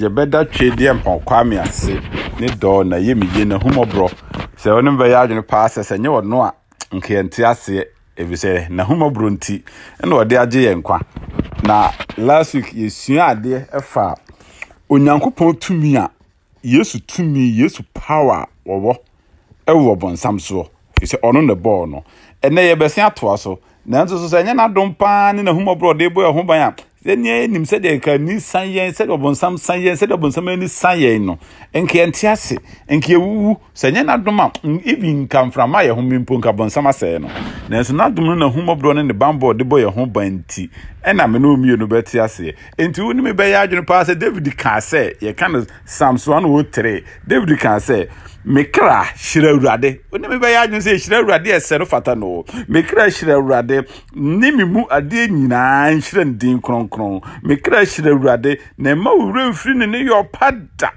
yɛbɛda twedeɛ mpɔnkwame ase ne dɔɔ na yɛ me yie na humɔborɔ sɛ ɔno mbɛyɛ adwene paa sɛ sɛ nyɛ ɔno a nkɛnte aseɛ ɛfisɛ n'ahomɔborɔ nti ɛna ɔde agye yɛ nkwa na last week yɛsua adeɛ ɛfa onyankopɔn tumi a yesu tumi yesu power a wɔwɔ ɛwɔ bɔnsam soɔ sɛ ɔno na bɔɔl no ɛnɛ yɛbɛsen atoa so nanso so sɛ ɛnyɛ n'adom paa ne n'ahomɔborɔ ɔde bɔ ɛho ban a ɛnneɛ yɛnim sɛdeɛ kani san yɛn sɛdeɛ ɔbɔnsam san yɛn sɛdeɛ ɔbɔnsam ani san yɛn no nka yɛnte ase nka yɛwuwu sɛ nyɛ n'adom a ebi nka mframa yɛ ho mi mpo nka bɔnsam asɛɛ no nanso n'adom no na ahumɔborɔ ne ne bambɔ de bɔ yɛn ho ban ti ɛna me no mmienu bɛte aseɛ nti wo ne me bɛyɛ adwene paa sɛ david kaa sɛ yɛka no psalms 103 david kaa sɛ me kra hyerɛ awurade wo ne me bɛyɛ adwene sɛ hyerɛ awurade ɛsɛre fata no me hyerɛ awurade ne me mu adeɛ nyinaa nhyerɛ ne din kronkron me kra hyerɛ awurade na ɛma wo werɛ mfiri ne ne yɛ ɔpa da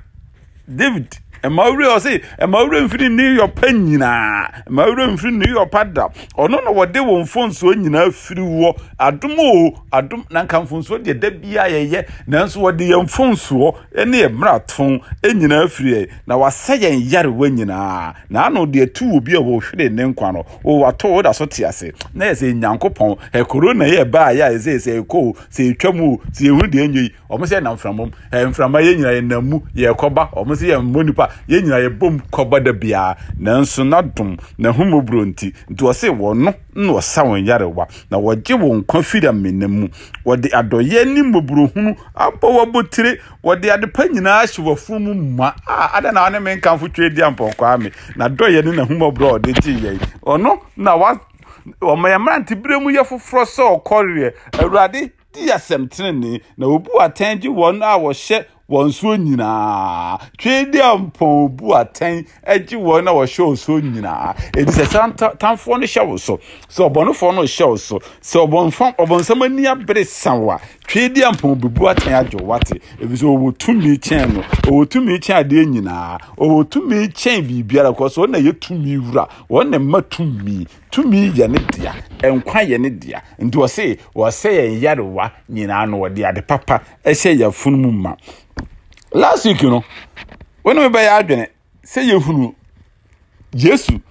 david mma owurɛ ɔse mma owurɛ mfiri new york pa nyinaa mma owurɛ mfiri new york pa da ɔno na wɔde wɔn mfonsuo nyinaa firi wɔ adom o adom na nka mfonsuo deɛ da biara yɛyɛ nanso wɔde yɛn mfonsuo ne yɛn mmaratɔn nyinaa firi yɛ na wasɛ yɛn yarewa nyinaa na ano deɛ tu wɔ bi a wɔhwere ne nkwa no o wato o da so te ase na yɛ sɛ nyankopɔn ɛkoro na yɛ baa yɛ a yɛ sɛ yɛ kɔ o sɛ yɛ twa mu o sɛ yɛ hu deɛ nyɛ yi ɔmo sɛ yɛ nam mframa mu mframa yɛ nyinaa yɛ nam mu yɛ kɔba ɔmo sɛ yɛ mbɔ a yɛn nyinaa yɛbom kɔbɔda biara nanso n'adom n'ahomoburo nti nti wɔse wɔno na wɔsa wɔn yarewa na wɔgye wɔn nkwa firi amena mu wɔde adɔyɛ ne mmɔborɔhunu abɔ wɔbotire wɔde adepa nyinaa hyɛ wɔfo mu ma a ada na wɔne me nkamfo twɛ di ampɔnkwa me na dɔyɛ ne n'ahomoburo a ɔde gye yɛn ɔno na wa wɔn mmerante bere mu yɛ foforɔ sɛ ɔkɔreɛ awurade di asɛm tenenee na obu atɛn gye wɔn a wɔhyɛ wɔn nsuo nyinaa twede a mpɔn bu atɛn agye wɔn na wɔhyɛ nsuo nyinaa edi sɛ sɛ tamfoɔ no hyɛ wo so sɛ ɔbɔnofoɔ no hyɛ wo so sɛ ɔbɔnfam ɔbɔnsam ani abere sawa twede a mpɔn bu atɛn agye wate ebi sɛ ɔwɔ tumi kyɛn no ɔwɔ tumi kyɛn adeɛ nyinaa ɔwɔ tumi kyɛn biribiara kɔ so ɔna yɛ tumi wura wɔn na mma tumi tumi yɛ ne dea nkwa yɛ ne dea nti wɔse wɔsɛ yɛn yarewa nyinaa no wɔde ade papa ɛhyɛ yɛn funu mu ma last week no wɔn mu bɛyɛ adwene sɛ yɛhunu yesu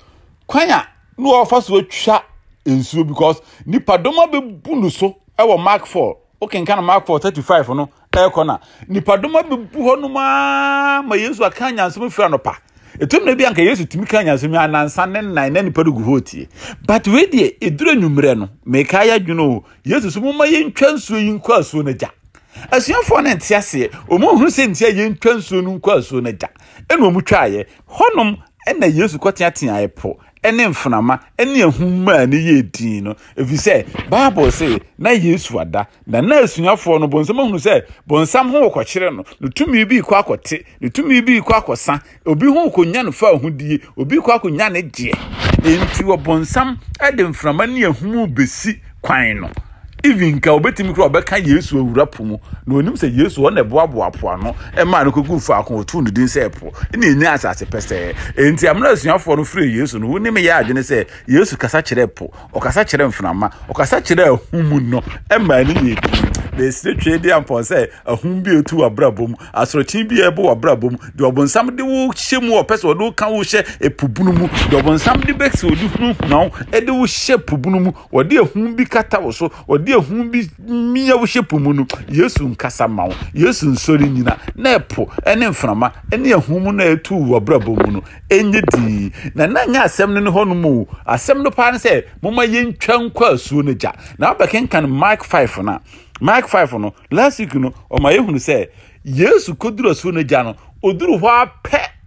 kwan a na wɔfa so atwa nsuo because nipadɔm abɛbu no so ɛwɔ mark four wokenka no mark four thirty five no ɛɛkɔ na nipadɔm abɛbu hɔ nom aa ma yesu aka nyansɛm fira no pa. etum na bi anka yesu tumi ka nyansom anansa ne nan na nipa dugu hɔ tie but wei deɛ eduro nwummerɛ no meka ayɛ adwene o yesu so moma yɛntwa nsuo yi nkɔ asuo no gya asuafoɔ no nte aseɛ ɔmo sɛ nti a yɛntwa nsuo no nkɔ asuo no gya ɛna ɔmo hɔnom ɛna yesu kɔteateaeɛ po ne mfenama ne ahuma a ne yɛ din no efi sɛ bible sɛ, na yesu ada na na asuafoɔ no bonsam ahunu sɛ bonsam ho wɔkɔkyerɛ no ne tumi bi kɔ akɔte ne tumi bi kɔ akɔsa obi ho kɔnya no fa ahodie obi kɔ akɔnya ne gyeɛ enti wɔ bonsam de mfenama ne ahum bɛsi kwan no even nka obetumi kura ɔbɛka yesu awura po mu na onim sɛ yesu ɔna ɛboaboa po ano ɛmaa no kogu faako otu ne din sɛ po ɛna enya asase pɛsɛɛ nti amuna asuafoɔ no firi yesu no wɔnim yɛ adwene sɛ yesu kasa kyerɛ po ɔkasa kyerɛ mfunama ɔkasa kyerɛ ahum no ɛmaa ne yɛ ebi bɛsire twe de ampɔn sɛ ahum bi etu w'abrabɔ mu asorɔkyen bi ɛbɔ w'abrabɔ mu deɛ ɔbɔnsam de wo hyɛ mu ɔpɛ sɛ ɔde wo ka wo hyɛ epubunu mu deɛ ɔbɔnsam de bɛsi odi hunu huna wo ɛde wo hyɛ pubunu mu ɔde ahum bi kata wo so ɔde ahum bi mmea wo hyɛ pumu no yesu nkasa ma wo yesu nsori nyina na ɛpo ɛne mframa ɛne ahum na etu w'abrabɔ mu no ɛnyɛ dii na na nyɛ asɛm no ne hɔ nom o asɛm no paa ne sɛ moma yɛntwa nkɔ asuo no gya na wabɛkenkan mark 5 no mark 5 no last week no ɔma yɛhunu sɛ yesu kɔduru ɔsoro no gya no ɔduru hɔ apɛ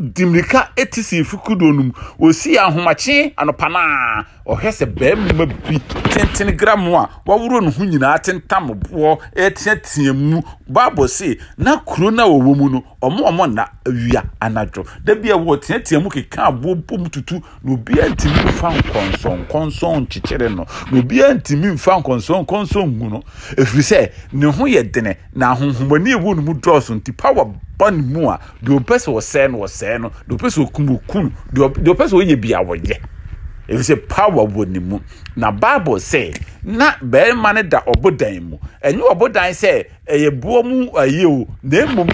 dimirika mmirika ɛti sɛ efi kudo no mu osi ahomakye anopanaa ɔhwɛ sɛ bɛrima bi tenten gram a wawuro ne ho nyinaa tentam boɔ ɛteateam mu baabɔ se na kuro na a wɔwɔ mu no ɔmo ɔmo na awia anadwo da bi a wɔ teateam keka aboɔ bom tutu na obiara nfa mfa nkɔnsɔnkɔnsɔn kyekyere no na obiara nfa mfa nkɔnsɔnkɔnsɔn ngu no ɛfiri sɛ ne ho yɛ dene na ahonhommɔne ewu no mu dɔɔso nti pawa. ɔne mu a deɛ ɔpɛ sɛ ɔsɛe no ɔsɛe no deɛ ɔpɛ sɛ ɔkum ɔkum deɛ ɔpɛ sɛ ɔyɛ bi a wɔyɛ efisɛ power wɔ ne mu na bible sɛ na barima no da ɔbodan mu ɛnyɛ ɔbodan sɛ ɛyɛ boɔ mu ayie o na emom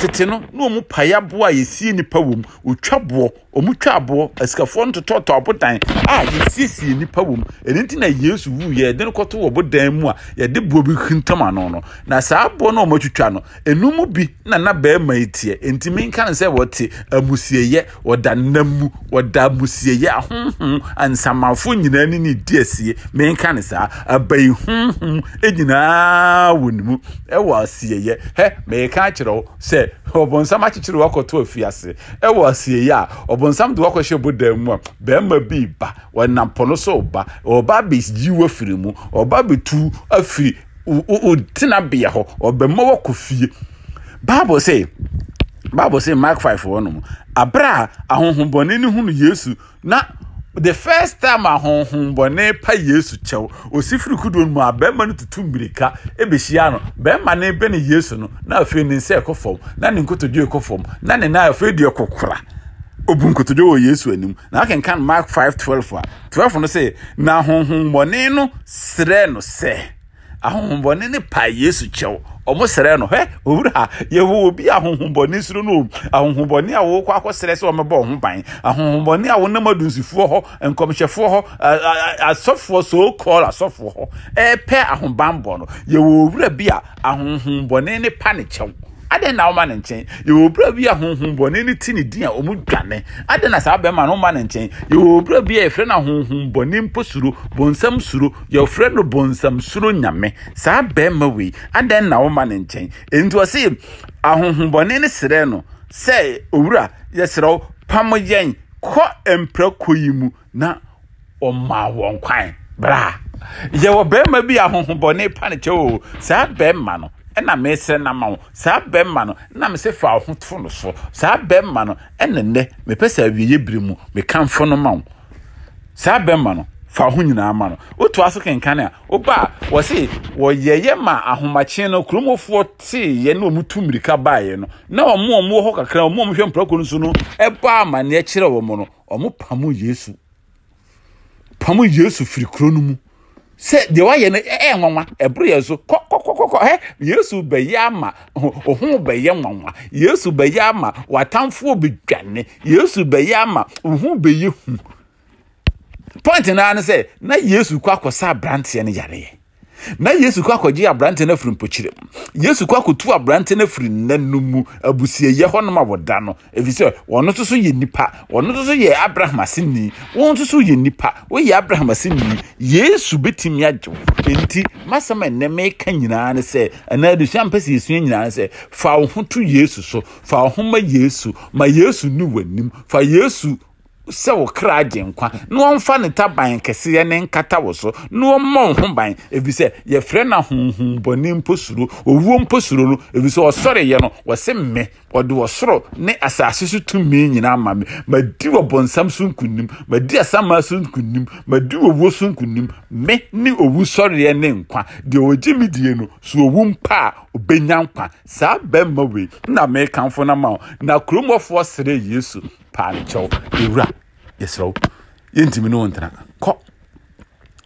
tete no na ɔmo paya boɔ a yɛsie nipa wɔ mu ɔtwa boɔ ɔmu twa aboɔ asikafoɔ no totɔtɔ abotan a yɛsiesie nnipa wɔ mu ɛno nti na yesu wu yɛde no kɔto wɔ bodan mu a yɛde boɔ bi hintam ano no na saa aboɔ no a ɔmatwitwa no ɛnu mu bi na na bɛrima yi teɛ enti menka no sɛ wɔte amusieyɛ wɔda nnam mu wɔda amusieyɛ ahonhom ansamafo nyinaa ne ne di asie menka no saa abayi honhom e nyinaa wɔ ne mu ɛwɔ asieyɛ hɛ mɛyɛka akyerɛ wo sɛ ɔbɔnsam akyekyere wakɔtɔ afiase ɛwɔ asieyɛ a ɔb ɔbɔnsam de wakɔhyɛ bodan mu a bɛrima bi ba ɔnam po no so ba ɔba abɛyi wo afiri mu ɔba abɛtu afiri o tenabea hɔ ɔbɛma wakɔ fie baabul sɛ baabul sɛ mark five wɔ nom abere a ahohombɔne ne hunu yesu na the first time ahohombɔne pa yesu kyɛw osi firi kudo mu a bɛrima no tutu mmirika ebehyia no bɛrima no bɛ ne yesu no na afei ne nsa ɛkɔ fam na ne nkotodwe ɛkɔ fam na ne nan afei deɛ kɔkora. obu nkotodwe wɔ yesu anim na akenkan mark 512 a 12 no sɛ na ahonhommɔne no serɛ no sɛ ahonhommɔne ne pa yesu kyɛw ɔmo srɛ no hɛ owura yɛwɔ obi ahohombɔne soro no ahohombɔne a wɔkɔ akɔ srɛ sɛ ɔmɛbɔ ɔho ban ahohombɔne a wɔnam adunsifoɔ hɔ nkɔmhyɛfoɔ hɔ asɔfoɔ so kɔɔl asɔfoɔ hɔ ɛɛpɛ ahobanbɔ no yɛwɔ owura bi a ahohombɔne ne pa ne kyɛw adɛn na woma ne nkyɛn yɛwɔ berɛ bi a honhom bɔne no ti ne din a ɔmu dwane adɛn na saa bɛrima no woma ne nkyɛn yɛwɔ berɛ bi a yɛfrɛ no honhom bɔne mpo suro bonsam suro yɛfrɛ no bonsam suro nyame saa bɛrima wei adɛn na woma ne nkyɛn ɛnti ɔse ahohom bɔne no serɛ no sɛ owura yɛserɛ wo pam yɛn kɔ mprako yi mu na ɔmaa wɔn kwan bra yɛwɔ bɛrima bi ahohobɔne pa ne kyɛ saa bɛrima no ɛna mesrɛ no ama wo saa bɛrima no na mesɛ fa wo ho to no so saa bɛrima no ɛne nnɛ mepɛ sɛ awieyɛ biri mu mekamfo no ma wo saa bɛrima no fa ho nyinaa ma no wotoa so kenkane a woba a wɔse wɔyɛyɛ ma ahomakye no kuromofoɔ teeɛ na ɔmu tu mmirika baeɛ no na ɔmo ɔmo hɔ kakra ɔmo ɔmo hwɛ mprako no so no ɛbaa amanneɛ kyerɛ wɔ mo no ɔmo pamo yesu pamo yesu firi kuro no mu sɛ deɛ wayɛ no ɛyɛ nwanwa ɛboro yɛ so kɔkɔkɔkɔ hɛ yesu bɛyɛ ama ohun bɛyɛ nwanwa yesu bɛyɛ ama watamfoɔ bedwane yesu bɛyɛ ama ohun bɛyɛ hu pɔnt naa no sɛ na yesu kɔ akɔsa aberanteɛ no yareɛ na yesu kɔ akɔgye aberante no afiri mpokyerɛ mu yesu kɔ akɔtu aberante no afiri nnanom mu abusuayɛ hɔnom a wɔda no ɛfiri sɛ ɔno nso so yɛ nipa ɔno nso so yɛ abraham aseni wɔn nso so yɛ nipa woyɛ abraham aseni yesu bɛtumi agye wo enti masɛm ɛnɛ meka nyinaa ne sɛ anaa adesua mpɛ sɛ yɛsua nyinaa ne sɛ fa wo ho to yesu so fa wo ho ma yesu ma yesu ne w'anim fa yesu sɛ wo kra gye nkwa na wɔmfa ne taban kɛseɛ ne nkata wo so na wɔmmɔ ho ban ɛfiri sɛ yɛfrɛ no honhombɔne mpo suro owuo mpo suro no ɛfiri sɛ ɔsɔreyɛ no wɔse mme ɔde ɔsoro ne asase so tumi nyinaa ma me madi wɔ bɔnsam so nkonim madi asama so nkonim madi owuo so nkonim me ne owu sɔreɛ ne nkwa deɛ ɔgye me die no so owu mpa a ɔbɛnya nkwa saa bɛrima wei na mekamfo no ma na kuromɔfoɔ serɛ yesu pancho ira yɛsrɛ wo yɛntumi ne wo ntena kɔ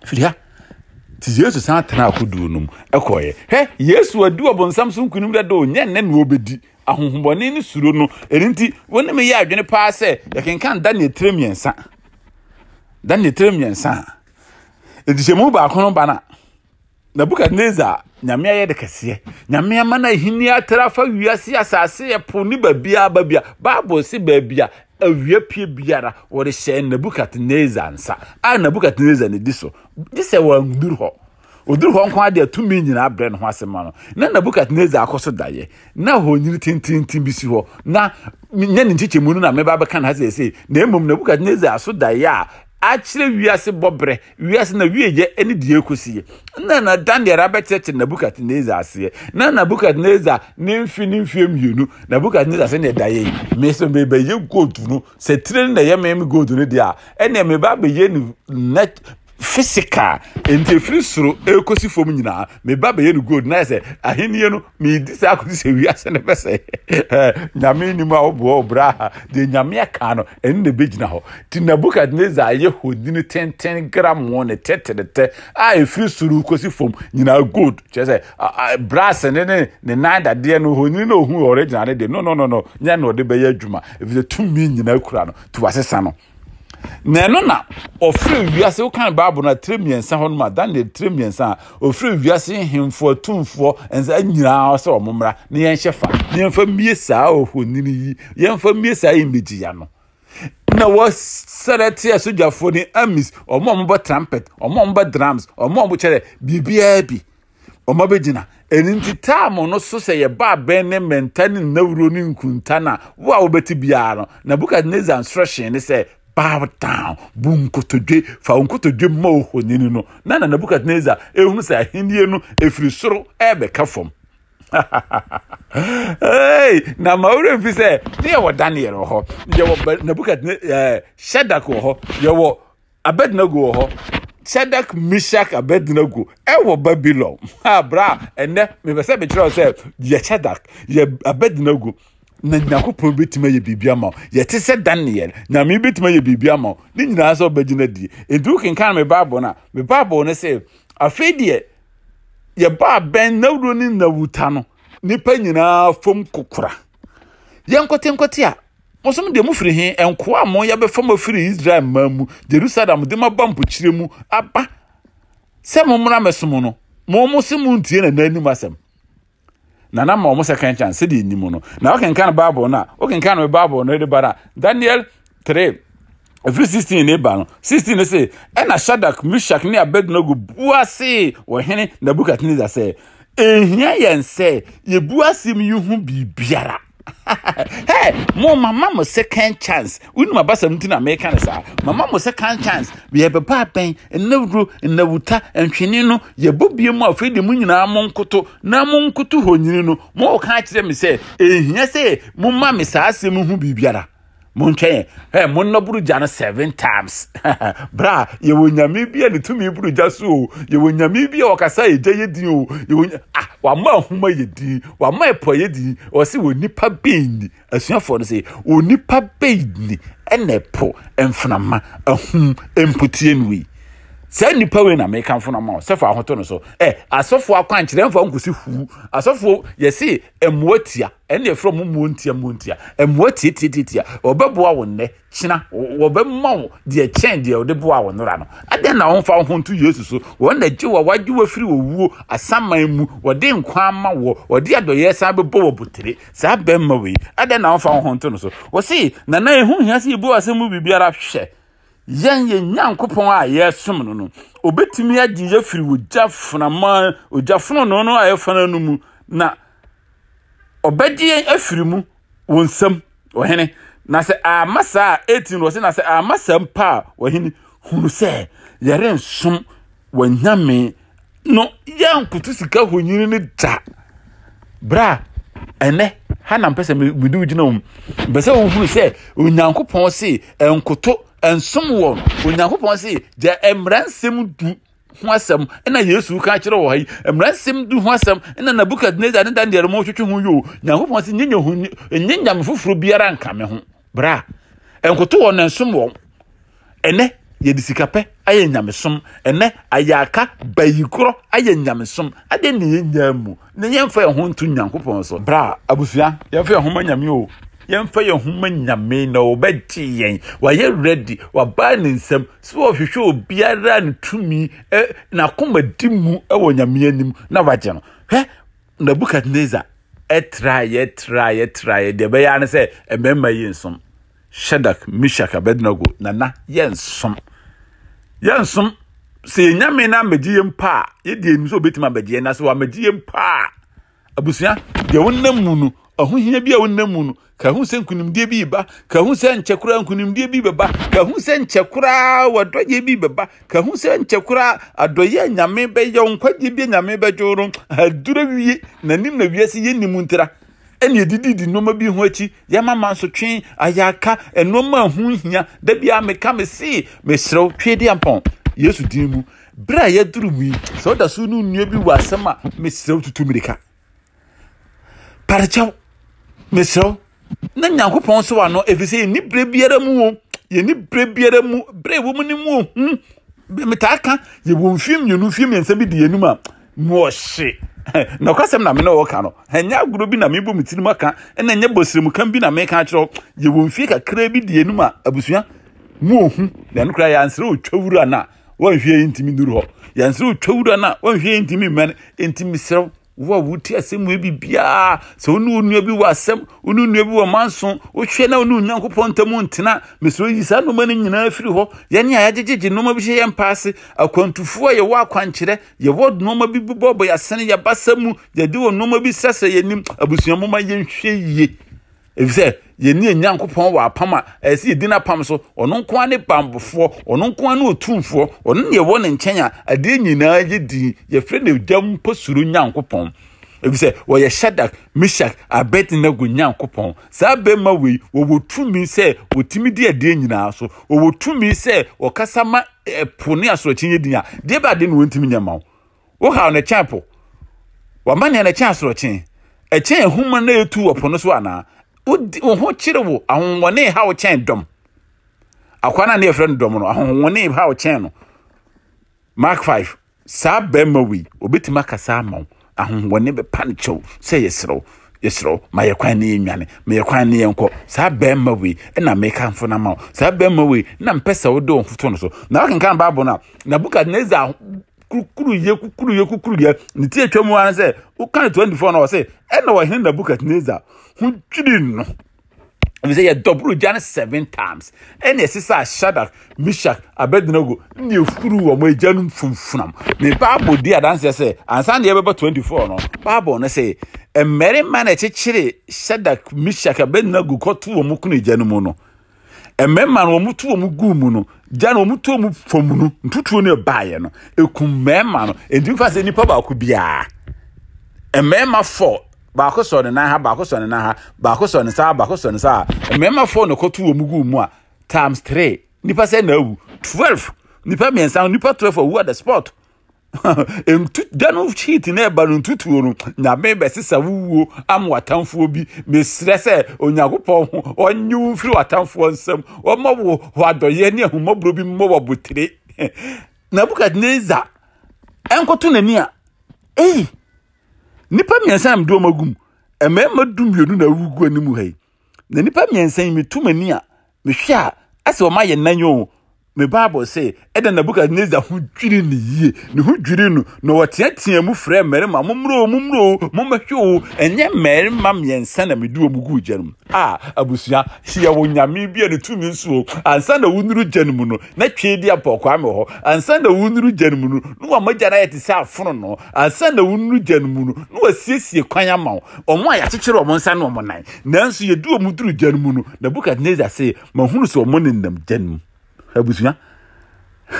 firi ha nti yesu san tena akoduo no mu ɛkɔɔyɛ hɛ yesu adu ɔbɔnsam so nkunim dɛ dɛ ɔnyɛ nnɛ na wɔbɛdi ahohombɔne ne suro no ɛno nti wɔne me yɛ adwene paa sɛ yɛkenkan daniel tire mmiɛnsa daniel tire mmiɛnsa a ɛdihyɛmu baako no ba no a nabukadnezar nyame ayɛ de kɛseɛ nyame ama no ahini atara afa wiase asase yɛ po ne baabia babia bible se baabia awia pie biara wɔde hyɛ nebukadnezar nsa a nebukadnezar ne di so gye sɛ wɔanduru hɔ oduru hɔ nko adeɛ tumi nyinaa brɛ ne ho asɛm ano na nebukadnezar akɔ so daeɛ na hɔnyini tententen bi si hɔ na nyɛ ne nkyekyɛmu no na mɛba bɛka no ha sɛ ɛsei na mmom nebukadnezar so daeɛ a akyerɛ wiase bɔbrɛ wiase na wiegye ne die kɔsiɛ na na daniel abɛkyerɛkyerɛ nabukadnezar aseɛ na nabukadnezar ne mfe ne mfeɛ mmienu nabukadnezar sɛneɛ da yɛ yi mesɛ mebɛyɛ gold no sɛ tire no na ɛyɛ meme gold no deɛ a ɛneɛ meba bɛyɛ ne physical nti efiri soro ekosi fam nyinaa meba bɛyɛ no gold naa sɛ ahenia no meedi saa akosi sɛ wiase ne bɛsɛ ɛɛ eh, nyame nim a ɔboɔ ɔbra ha deɛ nyame aka no ɛne na ebegyina hɔ ti nabukadneza ayɛ hodini tenten gram wɔn ne tɛtɛtɛ a efiri soro kosi fam nyinaa gold kyerɛ sɛ brass ne ne ne nan dadeɛ no hodini na ohun ɔregyina ne deɛ no no no no nyɛ na ɔde bɛyɛ adwuma efi sɛ tumi nyinaa kura no tuwa sisan no. na ɛno na ɔfiri wiase wokan bible na tiri mmiɛnsa hɔ nom daniel tiri mmiɛnsa a ɔfiri wiase hemfoɔ tumfoɔ nsa nyinaa sɛ ɔmo mmra na yɛnhyɛ fa na yɛmfa mmie saa ɔhonini yi yɛmfa mmie saa yɛmmɛgyiya no na wɔsɛrɛ te asogyafoɔ ne amis ɔmo a ɔmobɔ trumpet ɔmo a ɔmobɔ drums ɔmo ɔmo kyerɛ biribiara bi ɔmo abɛgyina ɛni nti taamu no so sɛ na wo a wobɛti na bow down bu nkotodwe fa nkotodwe ma ohonini no na na nebukadnezar ehunu sɛ ahenni no efiri soro ɛɛbɛka fam hey, na ma wura fi sɛ ne yɛwɔ daniel wɔ hɔ yɛwɔ nebukadne ɛɛ eh, shadak wɔ hɔ yɛwɔ abednego wɔ hɔ shadak mishak abednego ɛwɔ babylon ha bra ɛnɛ mepɛ sɛ mekyerɛ sɛ yɛ shadak yɛ abednego na nyankopɔn bɛtumi ayɛ biribi ama wo yɛte sɛ daniel nyame bɛtumi ayɛ biribi ama wo ne nyinaa sɛ ɔbɛgyina die ɛnti wokenkan me bible no a me bible no sɛ afei deɛ yɛbaa bɛn nawuro ne nawuta no nnipa nyinaa fam kokora yɛnkɔtenkɔte a mosom deɛ mofiri he nkoa a mo yɛbɛfam afiri israel mmaa mu jerusalem de maba mpokyerɛ mu aba sɛ mommra mɛsom no mo mo se montie nana anim asɛm na na ma ɔmo second chance sɛdeɛ nim no na wokenka no bible no a wokenka no bible no de ba no a daniel 3 ɛfiri 16 ne ba no 16 ne se ɛna shadak mishak ne abednego bua see wɔhene nabukadnezar sɛ ɛhia yɛn sɛ yɛbu asɛm yi ho biribiara hey, mo mama mo second chance. Unu ma basa mti na meka ne saa. Mama mo second chance. Bi ebe pa pen, enewru, enewuta, entwene no, ye bobie mu afredi mu nyina mo nkoto, na mo nkoto honyini no. Mo ka kire me se, ehia se, mo ma me saa asem ho bibiara montwɛn ɛ eh, monnɔburu gya no seven times bra yɛwɔ nyame bi a ne tumi buru gya so o yɛwɔ nyame bi a ɔkasa yɛgya yɛ din o yɛwɔ ah wama ahoma yɛ din wama ɛpɔ yɛ din ɔsi wɔ nipa bɛyi ni asuafoɔ no sɛ wɔ nipa bɛyi ni ɛna ɛpɔ mfunama ahum mputie no yi. saa nnipa wei na meka mfo no ma wo sɛfa ahoto no so ɛ asɔfoɔ akwankyerɛ mfa nkosi huu asɔfoɔ yɛse mmoa tia ɛne yɛfrɛ mo mmoa ntia mmoa ntia mmoa tiatiatiatia wɔbɛboa wo nnɛ kyena wɔbɛma wo deɛ kyɛn wo nora no na wɔmfa wo na asaman mu nkwa na wo no so na yɛn yɛ nyankopɔn a yɛsom no no obɛtumi agye yɛ firi ogya fonama ogya fonono no a yɛfana no mu na ɔbɛgye yɛn afiri mu wɔ nsam ɔhene na sɛ ama saa a 18 wɔ sɛ na sɛ ama saa mpa a ɔhene hunu sɛ yɛrensom wɔnyame no yɛnkoto sika honyini no da berɛ a ɛnɛ ha na mpɛ sɛ mede wo gyina wo mu mpɛ sɛ wohunu sɛ onyankopɔn se ɛnkoto nsom wɔn onyankopɔn se gya mmaransɛm du ho asɛm ɛna yesu ka kyerɛ wɔ ha yi mmaransɛm du ho asɛm ɛna nabukadnezar ne dan deɛrɛ twetwe ho yo nyankopɔn se nyenya nyame foforɔ biara nka me ho bra nkoto wɔn nsom wɔn ɛnɛ yɛde sikapɛ ayɛ nyamesom ɛnɛ ayɛ aka bayikorɔ ayɛ nyamesom adeɛ ne yɛnyaa mu na yɛmfa yɛn ho nto nyankopɔn so bra abusua yɛmfa yɛn ho nyame o yɛmfa yɛn ho ma nyame na wɔbɛgye yɛn wayɛ ready wabaa ne nsam sɛ wɔhwehwɛ obiara ne tumi n'akomadi mu wɔ nyame anim na wagye no hɛ nabukadnezar ɛtra yɛtra yɛtra yɛ deɛ ɛbɛyɛ ara ne sɛ mmarima yi nsom shadak mishak abednago nana yɛnsom yɛnsom sɛ yɛnyame no amagye yɛm pa a yɛde ɛnim sɛ obɛtumi amagye yɛ na sɛ wɔamagye yɛm pa a abusua deɛ wonam mu no ahohia bi a wonam mu no ka hu sɛ nkonimdie bi ba ka hu sɛ nkyɛkora nkonimdie bi bɛba ka hu sɛ nkyɛkora wadɔyɛ bi bɛba ka hu sɛ nkyɛkora adɔyɛ nyame bɛyɛ wo nkwagye bi nyame bɛdwo no adura wie n'anim na wiase yɛ nnim ntira ɛne ɛdidi di nneɛma bi ho akyi yɛmama nso twe ayaka nneɛma a ho hia da bi meka me see meserɛw twe de ampɔn yesu din mu berɛ a yɛduru mu yi sɛ woda so no nnua bi wɔ asɛm a meserɛw tutu mmirika parekyɛw meserɛw na nyankopɔn so wa no ɛfiri sɛ yɛni berɛ biara mu o yɛni berɛ biara mu berɛ wɔ mu ne mu o hmm metaa ka yɛwɔ mfie mmienu mfie mmiɛnsa bi di yɛn anim a mmoɔhye na ɔkasɛm na me na ɔwɔka no ɛnyɛ agorɔ bi na mebu me tirim aka ɛna ɛnyɛ bɔsiremukam bi na meka kyerɛ yɛwɔ mfie kakra bi di yɛn anim a abusua mu ohu na ɛno koraa yɛansere otwa wura no a wɔnhwɛ yɛntimi nuru hɔ yɛnsere otwa wura no a wɔnhwɛ yɛntimi mmɛn ɛntimi serew wo a wotie asɛm wei bi biara sɛ wo ne wo nua bi wɔ asɛm wo nua bi wɔ manso wohwɛ na wo ne onyankopɔn ntamu ntena mesɛ oyi saa nnoma no nyinaa firi hɔ yɛne a yɛagyegyegye nnoma bi hyɛ yɛ mpa ase akwantufoɔ a yɛwɔ akwankyerɛ yɛwɔ nnoma bi bobɔbɔ yɛasene yɛbasa mu yɛde wɔ nnoma bi sɛsɛ yɛnim abusua moma yɛnhwɛ yie ɛfiri yɛni nyankopɔn wɔ apam a ɛsɛ yɛdi no so ɔno nko a ne bambofoɔ ɔno nko a ne ɔtumfoɔ ɔno ne yɛwɔ ne nkyɛn a adeɛ nyinaa yɛ din yɛfrɛ no gya mpo suro nyankopɔn efisɛ wɔyɛ shadak mishak abednego nyankopɔn saa bɛrima wei wɔwɔ tumi sɛ wɔtumi di adeɛ nyinaa so wɔwɔ tumi sɛ wɔkasa ma ɛpo eh, ne asorɔkye yɛ din a deɛ bɛ adeɛ na wɔntumi nyɛ ma wo wohaw ne kyɛn po wama nea ne asorɔkye ɛkyɛn ehuma na etu wɔ po no so anaa wo ho kyerɛ wo ahonhoɔne ha wo kyɛn dɔm akwa no a ne yɛfrɛ no dɔm no ahonhoɔne ha wo kyɛn no mark 5 saa bɛrima wei obɛtumi aka saa ama wo ahonhoɔne bɛpa no kyɛw sɛ yɛserɛ wo ma yɛ kwan ne yɛnwane ma yɛ kwan ne yɛnkɔ saa bɛrima wei ɛna mekamfo no ma wo saa bɛrima wei na mpɛ sɛ wode wo foto no so na wokenka no bible no a nabukadnezar kukuru yie kukuru yie kukuru yie ne ti atwa mu ara sɛ woka twenty four na ɔsɛ ɛna wɔhene nabukadnezar ho dwiri no efisɛ yɛdɔboro gya no seven times ɛna ɛsesa shadak mishak abednego ne efuru wɔn agya no funfunam ne baabo di adanseɛ sɛ ansa na yɛbɛbɔ twenty four no baabo no sɛ mmarima na ɛkyekyere shadak mishak abednego kɔto wɔn kunu agya no mu no mmarima no wɔn to wɔn gu mu no gya na wɔn to wɔn fam no ntutuo no ɛbaayɛ no ekum mmarima no nti nfa sɛ nipa baako biara mmarima fɔ baako sɔ ne nan ha baako sɔ ne nan ha baako sɔ ne saa baako sɔ ne saa mmarima fɔ na kɔto wɔn gu mu a times three nipa sɛ na awu twelve nipa mmiɛnsa nipa twelve awu at the spot ntu da no sheet na ɛba no ntutuo no nyame bɛsesa wuwuo ama watamfoɔ bi mesrɛ sɛ onyankopɔn ɔnye wo mfiri watamfoɔ nsɛm ɔma wo hɔ adɔyɛ ne ahomɔborɔ bi mmɔ wɔ botire nabukadnezar ɛnkɔto n'ani a ei nipa mmiɛnsa na mede ɔma gum mmarima du mmienu na awugu anim ha yi na nipa mmiɛnsa yi metu m'ani a mehwɛ a ɛsɛ ɔma yɛ nan me bible say ɛda nabukadnezar ho dwiri ne yie ne ho dwiri no na wɔteatea mu frɛ mmarima mommuro mommuro mommɛhwe o ɛnyɛ mmarima mmiɛnsa na mede wɔ mu guu gya no mu a abusua yɛwɔ nyame bi a ne tumi nso o ansa na wonuru gya no mu no na twei di apɔkwaa me hɔ ansa na wonuru gya no mu no na wɔamagya no ayɛ te sɛ afono no ansa na wonuru gya no mu no na wɔasiesie kwan ama wo ɔmo a yɛakyekyere ɔmo nsa ne ɔmo nan nanso yɛdu ɔmo duru gya no mu no nabukadnezar se mahunu sɛ ɔmo ne nam gya no mu abusua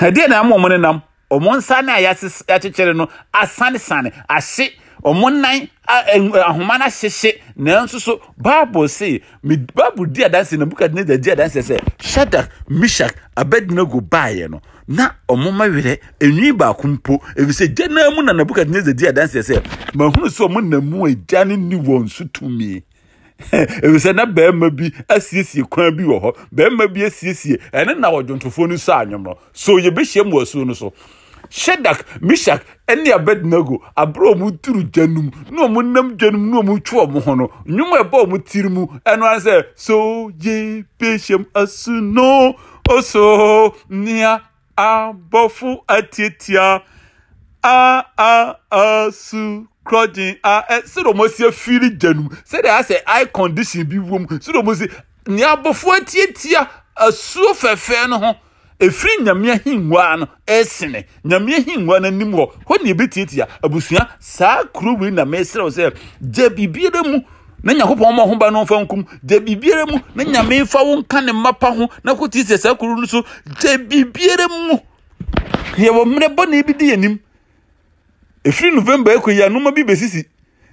ɛdeɛ na ama ɔmo ne nam ɔmo nsa ne a yɛakyekyere no asanesane ahye ɔmo nan eh, ahoma no ahyehye nanso so bible se me bible di adanse nabukadnezar di adanse sɛ shadak mishak abednego baeɛ no na ɔmo ma werɛ enwi baako mpo efisɛ gya naa mu na nabukadnezar di adanse sɛ mahunu sɛ ɔmo nam mu a gya ne ni wɔn so tumi efisɛ na bɛrima bi asiesie kwan bi wɔ hɔ bɛrima bi asiesie ɛne na ɔdwontofoɔ no so anwomrɔ so yɛbɛhyia mu wɔ no so shedak mishak ɛne abednego aburo mu turu gya num na wɔn nam gya num na wɔn twe wɔn ho no nnwom ɛbɔ wɔn tiri mu ɛno ara sɛ so ye pehyɛm asu no oso nea abɔfo atietia a a asu krɔgyen ah, eh, a ɛ sɛdeɛ wɔn asi afiri gya no mu sɛdeɛ asɛ eye condition bi wɔ mu sɛdeɛ wɔn asi nea abɔfoɔ tiatia asuo fɛfɛɛ no ho efiri nyamea hingwa no ɛsene e nyamea hingwa no anim hɔ hɔ na ebi tiatia abusua saa kuro wei na mɛsrɛ wɔ sɛ gya biribiara mu na nyakopɔn ma ho no mfa nkum gya biribiara mu na nyame fa wo nka ne mmapa ho na ko tiatia saa kuro no so gya biribiara mu yɛwɔ mmerɛ bɔne bi di yɛn anim efiri november ekɔ ya a nneɛma bi besisi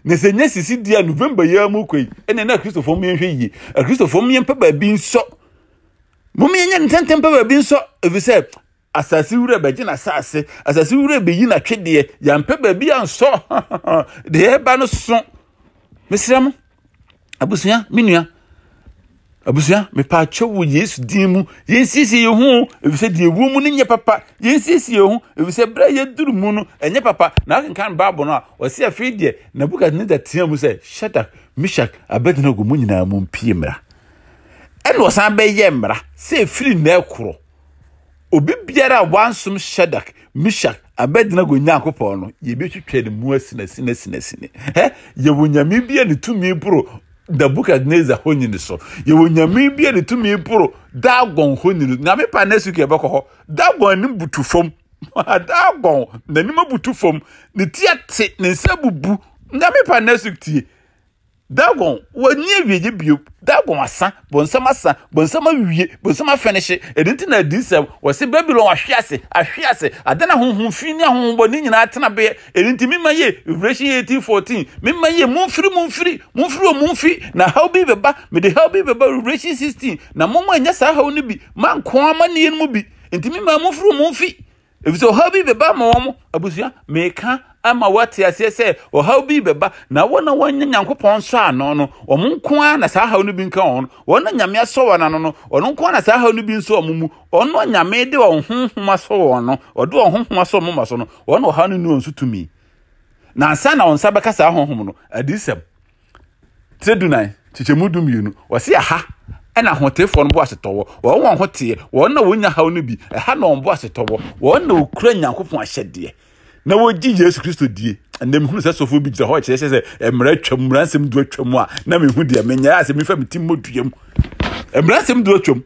na sɛ nyɛ sisi di a november yi a mu kɔ yi ɛna ɛna akristofoɔ mu yɛn hwɛ yie akristofoɔ mu yɛn pɛ baabi nsɔ mu yɛn nyɛ ntɛntɛn pɛ baabi nsɔ efisɛ asase wura bɛgye na asase asase wura bɛyi na twɛdeɛ yɛn baabi a deɛ ɛba no so mesrɛ abusua me abusua mepaakyɛ wɔ yesu din mu yɛnsiesie yɛn ho efisɛ deɛ ewu mu no nyɛ papa yɛnsiesie yɛn ho efisɛ bere a yɛduru mu no ɛnyɛ papa na akenkan baabu no a ɔsi afei deɛ nebukadnezar teɛ mu sɛ shadak mishak abednego mu nyinaa mu mpie mmira ɛna ɔsan bɛyɛ mmira sɛ efiri nnɛɛ korɔ obi biara a wansom shadak mishak abednego nyankopɔn no yɛbɛtwitwa ne mu asinasinasinasini ɛ yɛwɔ nyame bi a ne tumi boro nebukadnezar honyini so yɛwɔ nyame bi a ne tumi poro dagon honyini nyame pa next week yɛbɛkɔ hɔ dagon anim butu fam ah, dagon n'anim abutu fam ne tia te ne nsa bubu nyame pa next week tie dagon wɔnni awieye bio dagon asa bɔnsɛm asa bɔnsɛm awie bɔnsɛm afɛnehye ɛdi nti na adi nsɛm wɔsi babilon ahwe ase ahwe ase adan ahohom fi ne ahohom bɔ ne nyinaa tena bɛyɛ ɛdi nti mima yie revelation eighteen fourteen mima yie mumfiri mumfiri mumfiri omumfi na haw bi bɛba mede haw bi bɛba revelation sixteen na mɔmɔ anya saa haw no bi mankoa ma ne yɛn mu bi nti mima mumfiri omumfi. efisɛ ɔhaw bi bɛba ama wɔn abusua mmirika ama aseɛ sɛ ɔhaw bi bɛba na wɔn a wɔnyɛ nyankopɔn nsɔ ano no wɔn nko ara na saa haw no bi nka wɔn wɔn a nyame asɔ wɔn ano no wɔn nko ara na saa haw no bi nso wɔn mu wɔn a nyame de wɔn wɔn no ɔde wɔn wɔn no wɔn no nu tumi na na wɔn nsa saa no ɛna ahotefoɔ no bo asetɔ wɔ wɔn wɔn ho teɛ wɔn na wɔn nya haw no bi ɛha na wɔn bo asetɔ wɔ wɔn na wɔkura nyankopɔn ahyɛdeɛ na wɔgye yesu kristo die ɛnna mi hu sɛ sɔfo bi gyina hɔ kyerɛ sɛ sɛ mmerɛ twam mmerɛ nsɛm du atwam a na mi hu deɛ menyɛ asɛ mi fɛ mi ti mo dua mu mmerɛ nsɛm du atwam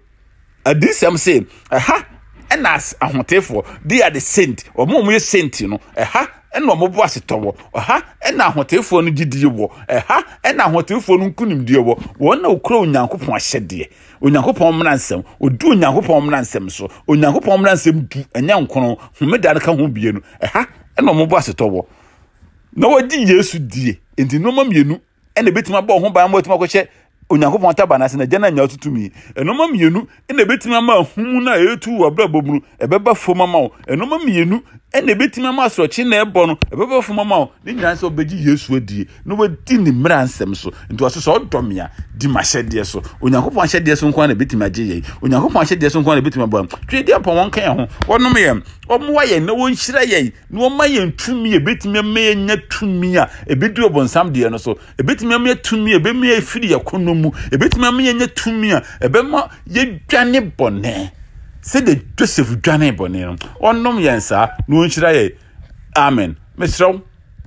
adisɛm se ɛha ɛna ahotefoɔ they are the saint wɔn a wɔn yɛ saint no ɛha ɛna ɔmo bo asetɔ wɔ ɔha ɛna ahotefoɔ no gyidie wɔ ɛha ɛna ahotefoɔ no nkunimdie wɔ wɔn na okura onyankopɔn ahyɛdeɛ onyankopɔn mmaransɛm odi onyankopɔn mmaransɛm so onyankopɔn mmaransɛm du ɛnyɛ nkono homeda no ka ho bie no ɛha ɛna ɔmo bo asetɔ wɔ na wɔgye yesu die nti nneɛma mmienu ɛna ebetumi abɔ ɔho ban mo etumi akɔhyɛ onyankopɔn ta baana sena gyana nya tutu mi ɛnoma mmienu ɛna ebetumi ama ahum na etu wɔ abira bɔ mu ɛbɛba fam ama wo ɛnoma mmienu ɛna ebetumi ama asorɔkye na ɛbɔ no ɛbɛba fam ama wo ne nyinaa sɛ ɔbɛgye yesu adie na wadi ne mmerɛ nsɛm so nti wɔso sɛ ɔdɔ mia di ma hyɛdeɛ so onyankopɔn ahyɛdeɛ so nkoa na ebetumi agye yɛn onyankopɔn ahyɛdeɛ so nkoa na ebetumi abɔ twɛ deɛ pɔn wɔn ka yɛn ho wɔnom yɛn wɔmmoa yɛn na wɔnhyira yɛn na wɔma yɛn tumi ebetumi ama yɛn nya tumi a ebedi ɔbɔnsam deɛ no so ebetumi ama yɛn tumi ebemi efiri yɛn kɔnɔ mu ebetumi ama yɛn nyɛ tumi a ɛbɛma yɛdwane bɔnɛ sɛde joseph dwane bɔnɛ no ɔnom yɛn saa na wɔnhyira yɛ amen mesrɛw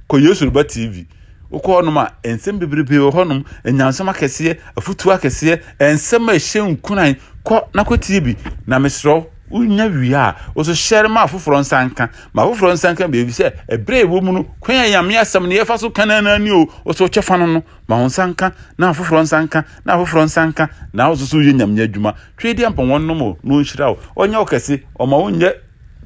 kɔ yesu ruba tv wokɔ hɔnom a nsɛm bebrebe wɔ hɔnom anyansɛm akɛseɛ afutuo akɛseɛ nsɛm a ɛhyɛ nkunan kɔ na kɔtie bi na mesrɛw wonya wie a wɔso hyɛre ma afoforɔ nsa nka ma afoforɔ nsa nka beebi sɛ ɛberɛ a ɛwɔ mu no kwan a nyame asɛm no yɛfa so ka ni o wɔso wɔkyɛ fa no no ma wo nsa na afoforɔ nsa nka na afoforɔ nsa nka na wo so so yɛ nyame adwuma twɛ di ampa wɔn nom o na ɔnhyira wo ɔnyɛ wo kɛse ɔma wonyɛ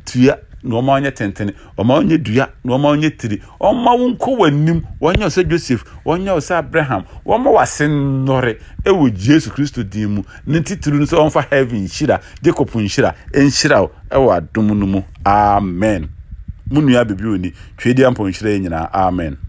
tua na ɔma ɔnyɛ tenten ɔma ɔnyɛ dua na ɔma ɔnyɛ tiri ɔma wo nkɔ w'anim wɔnyɛ wo joseph wɔnyɛ wo abraham wɔma w'ase nnɔre ɛwɔ yesu kristo din mu ne titiri no sɛ ɔmfa heaven nhyira jacob nhyira ɛnhyira wo ɛwɔ adom no mu amen mo nua biribi wɔ ni twɛdi ampɔnhyira yi nyinaa amen